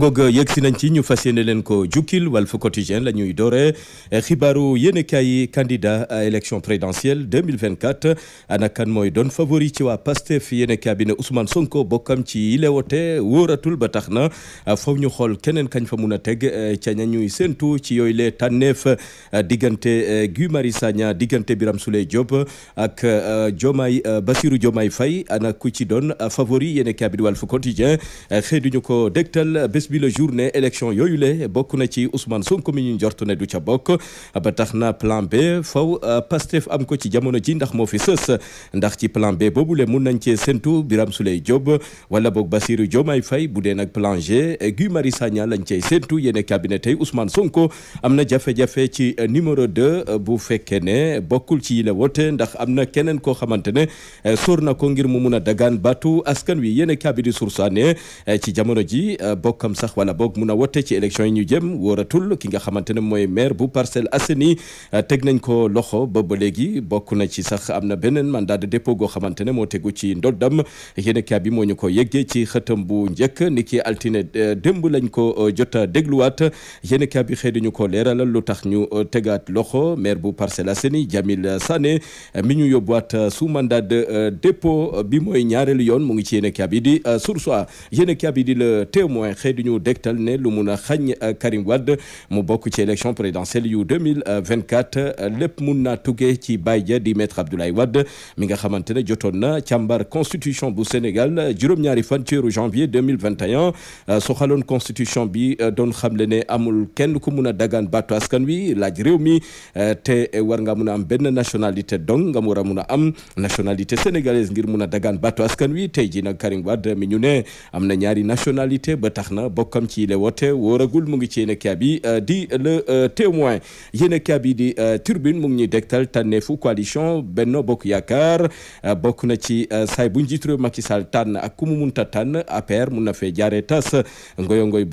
ngoog yegg si nañ ci ñu fas yéene leen ko jukkil Walf Quotidien la ñuy doore xibaaru yéene kaay candidat à élection présidentielle 2024 kan mooy doon favori ci waa Pastef yéene kaay bi ne Ousmane Sonko bokkam ci yile wote wóoratul ba tax na faw ñu xool keneen kañ fa mun a teg ca ña ñuy séentu ci yooyu lee tànneef diggante Guy Marius Sagna diggante Birame Souleye job ak Diomaye Bassirou Diomaye Faye ana ku ci doon favori yéene kaay bi di Walf Quotidien xëy duñu ko dégtal bés bi le jour ne élection yooyu le bokk na ci usman Sonko mi ñu njort ne du ca bokk ba tax na plan B faw euh, Pastef am ko ci jamono ji ndax moo fi sës ndax ci plan B boobu le mun nañ cee séntu biram Souleye Diop wala boog Bassirou jomay fay bu dee nag plan G Guy Marius Sagna lañ cey séntu yéene cabinet tey Ousmane Sonko am na jafe-jafe ci euh, numéro deux euh, bu fekkee ne bokkul ci yile wote ndax am na keneen koo xamante ne sóor na ko ngir mu mun a dagaan baatu askan wi yéene cabinet di sursaane ci jamono ji bokkam sax wala boog mun a wote ci élection yi ñu jëm wóoratul ki nga xamante ne mooy maire bu Parcelles Assainies ah, teg nañ ko loxo ba ba léegi bokk na ci sax am na beneen mandat de dépôt goo xamante ne moo tegu ci ndoddam yéen kaa bi moo ñu ko yeggee ci xëtam bu njëkk ni ki altine eh, demb lañ ko eh, jot dégluwaat yéen kaa bi xëy ñu ko leeralal lu tax ñu eh, tegaat loxo maire bu Parcelles Assainies Jamil Sané mi ñu yóbbuwaat su mandat de dépôt bi mooy ñaareelu yoon mu ngi ci yéen bi di Source A ñu dégtal ne lu mun a xañ euh, Karim Wade mu bokk ci élection présidentielle yu 2024 euh, lépp mun na tuggee ci baay ja di maître Abdoulaye Wade mi nga xamante ne jotoon na càmbar constitution bu Sénégal euh, juróom-ñaari fan ci weeru janvier 2021 soxaloon constitution bi doon xamle ne amul kenn ku mun a dagaan baatu askan wi laaj réew mi te war nga mun a am benn nationalité donc nga war a mun a am nationalité sénégalaise ngir mun a dagaan baatu askan wi te ji nag Karim Wade mi ñu ne am na ñaari bokkam ci le woote wóoragul mu ngi ci yéen a euh, euh, bi di le euh, témoin yéen a bi di turbine mu ngi ñuy dégtal tànneefu coalition Benno Bokk Yaakaar bokk na ci saay bu njiitu réew Macky Sall tànn ak ku mu munta tànn APR mun na fee jaaree tas ngoyo ngoy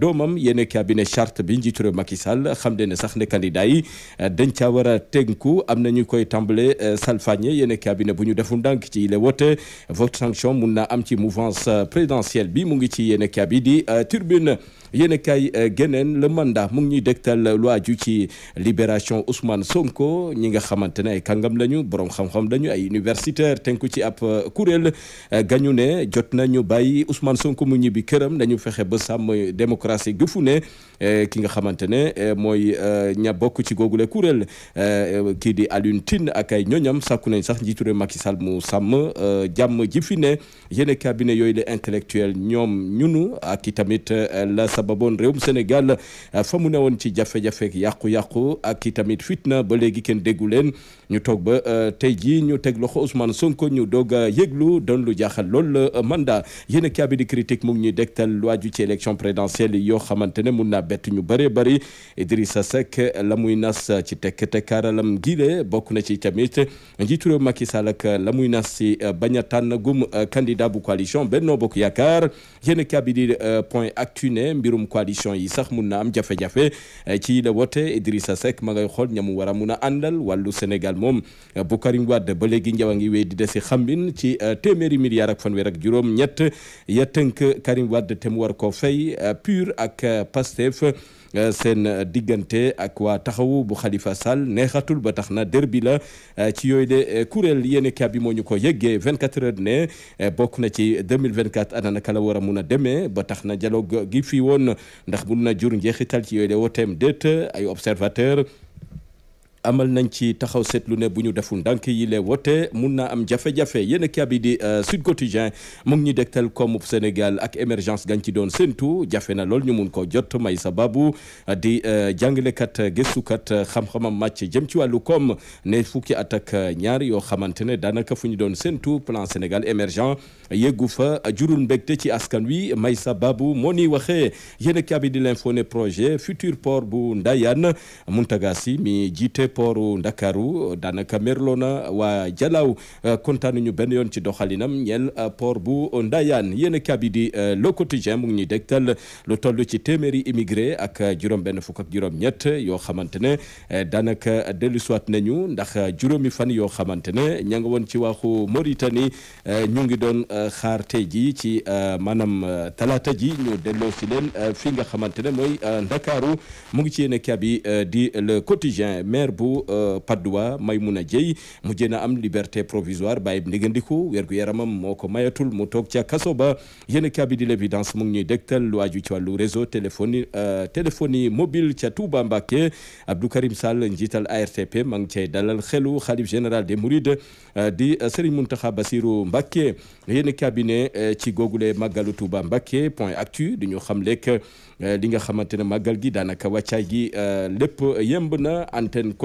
doomam yéen a bi ne charte bi njiitu réew Sall xam ne sax ne candidat yi dañ caa war a tënku am na ñu koy tàmbale salfañe yéen a ne bu ñu deful ndànk ci le woote vote sanction mun na am ci mouvance présidentielle bi mu ngi ci yéen ci euh, turbine yéen a kaay euh, geneen le mandat mu ngi ñuy dégtal euh, lu aju ci libération Ousmane Sonko ñi nga xamante ne ay kàngam lañu borom xam-xam lañu ay universitaire tenku ci ab kuréel gañu ne jot nañu bàyyi Ousmane Sonko mu ñibbi këram nañu fexe ba sàmm démocratie gëfu ne ki nga xamante ne mooy ña bokk ci googule kuréel kii di Alioune Tine ak ay ñoñam sàkku nañ sax njiitu réew Macky Sall mu sàmm jàmm ji fi ne yéen yooyu les intellectuels ñoom ñunu ak ci tamit eh, la sababoon réewum Sénégal eh, fa mu ne woon ci jafe-jafeek yàqu-yàqu ak i tamit fitna ba léegi kenn déggu leen ñu toog ba eh, tey jii ñu teg loxo Ousmane Sonko ñu doog a yëglu doon lu jaaxal lool mandat yenn a kaabi di critique mu ngi ñuy dégtal lu aju ci élection présidentielle yoo xamante ne mun naa bett ñu bëree bari Idrissa Seck la muy nas ci tekk tekkaaralam giile bokk na ci tamit njiitu réew Macky Sall la muy nas si bañ a tànn gum candidat bu coalition Benno Bokk point actu mbirum coalition yi sax mun na am jafe-jafe eh, ci la wote Idrissa Seck ma ngay xool ñamu war a mun a àndal wàllu Sénégal moom eh, bu Karim wadd ba léegi njaw a ngi wéy di desi xambin ci eh, téeméeri milliards ak fanweer ak juróom ñett ya tënk Karim Wade te war koo fay pur ak Pastef Euh, seen euh, diggante ak waa taxawu bu Khalifa Sall neexatul ba tax na derbi la euh, ci yooyu de kuréel yéen kab bi moo ñu ko yëggee 24 heures ne bokk na ci 2024 ana naka la war mun a demee ba tax na dialogue gi fi woon ndax mun na jur njeexital ci yooyu de wooteem déet ay observateur amal nañ ci taxaw seetlu ne bu ñu deful ndànk yi lee woote mun naa am jafe-jafe yéen a kii di euh, Sud Quotidien mu ngi ñuy dégtal koomub Sénégal ak émergence gañ ci doon séntu jafe na lool ñu mun ko jot may sababu euh, di euh, jàngalekat gëstukat xam-xamam màcc jëm ci wàllu koom ne fukki at ak ñaar yoo xamante ne daanaka fu ñu doon séntu plan Sénégal émergent yeggu fa jurul mbégte ci askan wi may sababu moo ni waxee yéen a kii l'info ne projet futur port bu Ndayane aéroportu Ndakaaru daanaka merloo na waa Jalaaw euh, kontaanuñu benn yoon ci doxalinam ñeel euh, por bu Ndayane yéen a kaabi di euh, Le Quotidien mu ngi ñuy dégtal lu toll ci téeméeri immigré ak juróom-benn fukk ak juróom-ñett yoo xamante ne daanaka dellusiwaat nañu ndax juróomi fan yoo xamante ne ña nga woon ci waaxu Mauritanie ñu ngi doon xaar tey ji ci maanaam talaata ji ñu delloo si leen fi nga xamante ne mooy Ndakaaru mu ngi ci yéen a kaabi di Le Quotidien maire bu euh, Padoua Maimouna Dieye mujjee na am liberté provisoire bàyyi ndigandiku wergu yaramam moo ko mayatul mu toog ca kaso ba yéen kabi di l'évidence mu ngi ñuy dégtal lu ci wàllu réseau téléphonie euh, téléphonie mobile ca Touba Mbacké Abdou Karim Sall njiital ARTP ma ngi cay dalal xelu xalif général des Mourides euh, di Serigne Mountakha Bassirou Mbacké yéen cabinet ci googule màggalu Touba Mbacké point actu di ñu xam lekk li nga xamante ne màggal gi daanaka wàccaay gi lépp yemb na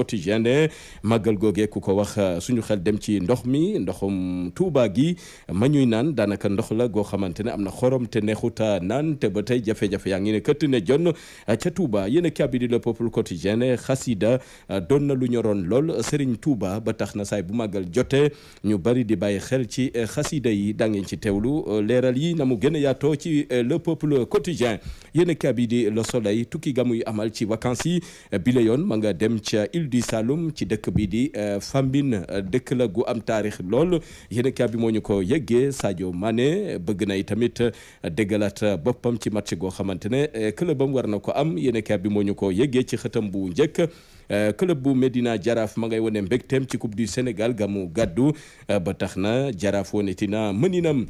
quotidien ne màggal googee ku ko wax euh, suñu xel dem ci ndox mi ndoxum Touba gi ma ñuy naan daanaka ndox la goo xamante ne am na xorom te neexuta naan te ba tey jafe yaa ngi ne këtt ne jonn euh, ca Touba yéen a kabidi le peuple quotidien ne xasida euh, doon na lu ñoroon lool Serigne Touba ba tax na saay bu màggal jotee ñu bari di bàyyi xel ci xasida yi da ngeen ci teewlu leeral yi na mu gën a yaatoo ci le peuple quotidien yéen a kabidi le soleil tukki gamuy amal ci vacances yi ma nga dem ca île du Saloum ci dëkk bi di euh, Fambine euh, dëkk la gu am taarix lool yéenekaay bi moo ñu ko yëggee Sadio Mané bëgg na itamit euh, déggalaat boppam ci match goo xamante ne club am war na ko am yéenekaay bi moo ñu ko yëggee ci xëtam bu njëkk club bu Medina Jaraaf ma ngay wone mbégteem ci coupe du Sénégal gamu gàddu ba tax na Jaraaf wone tina mëninam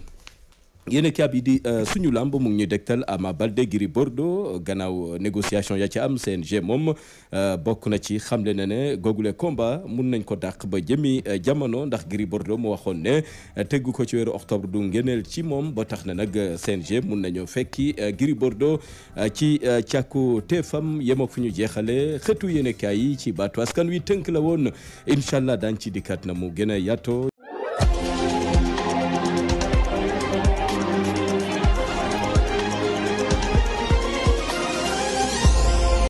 yéen a bi di euh, suñu làmb mu ngi ñuy dégtal Ama Baldé Gris Bordeaux euh, ganaaw euh, négociation ya ci am CNG moom bokk na ci xam xamle na ne googule combat mun nañ ko dàq ba jëmmi jamono ndax Gris Bordeaux mu waxoon ne tegu ko ci weeru octobre du ngëneel ci moom boo tax na nag CNG mun nañoo fekki Gris Bordeaux ci càkku teefam yemook fu ñu jeexale xëtu yéen a yi ci baat baatu askan wi tënk la woon incha allah daañu ci dikkaat na mu gën a yaatoo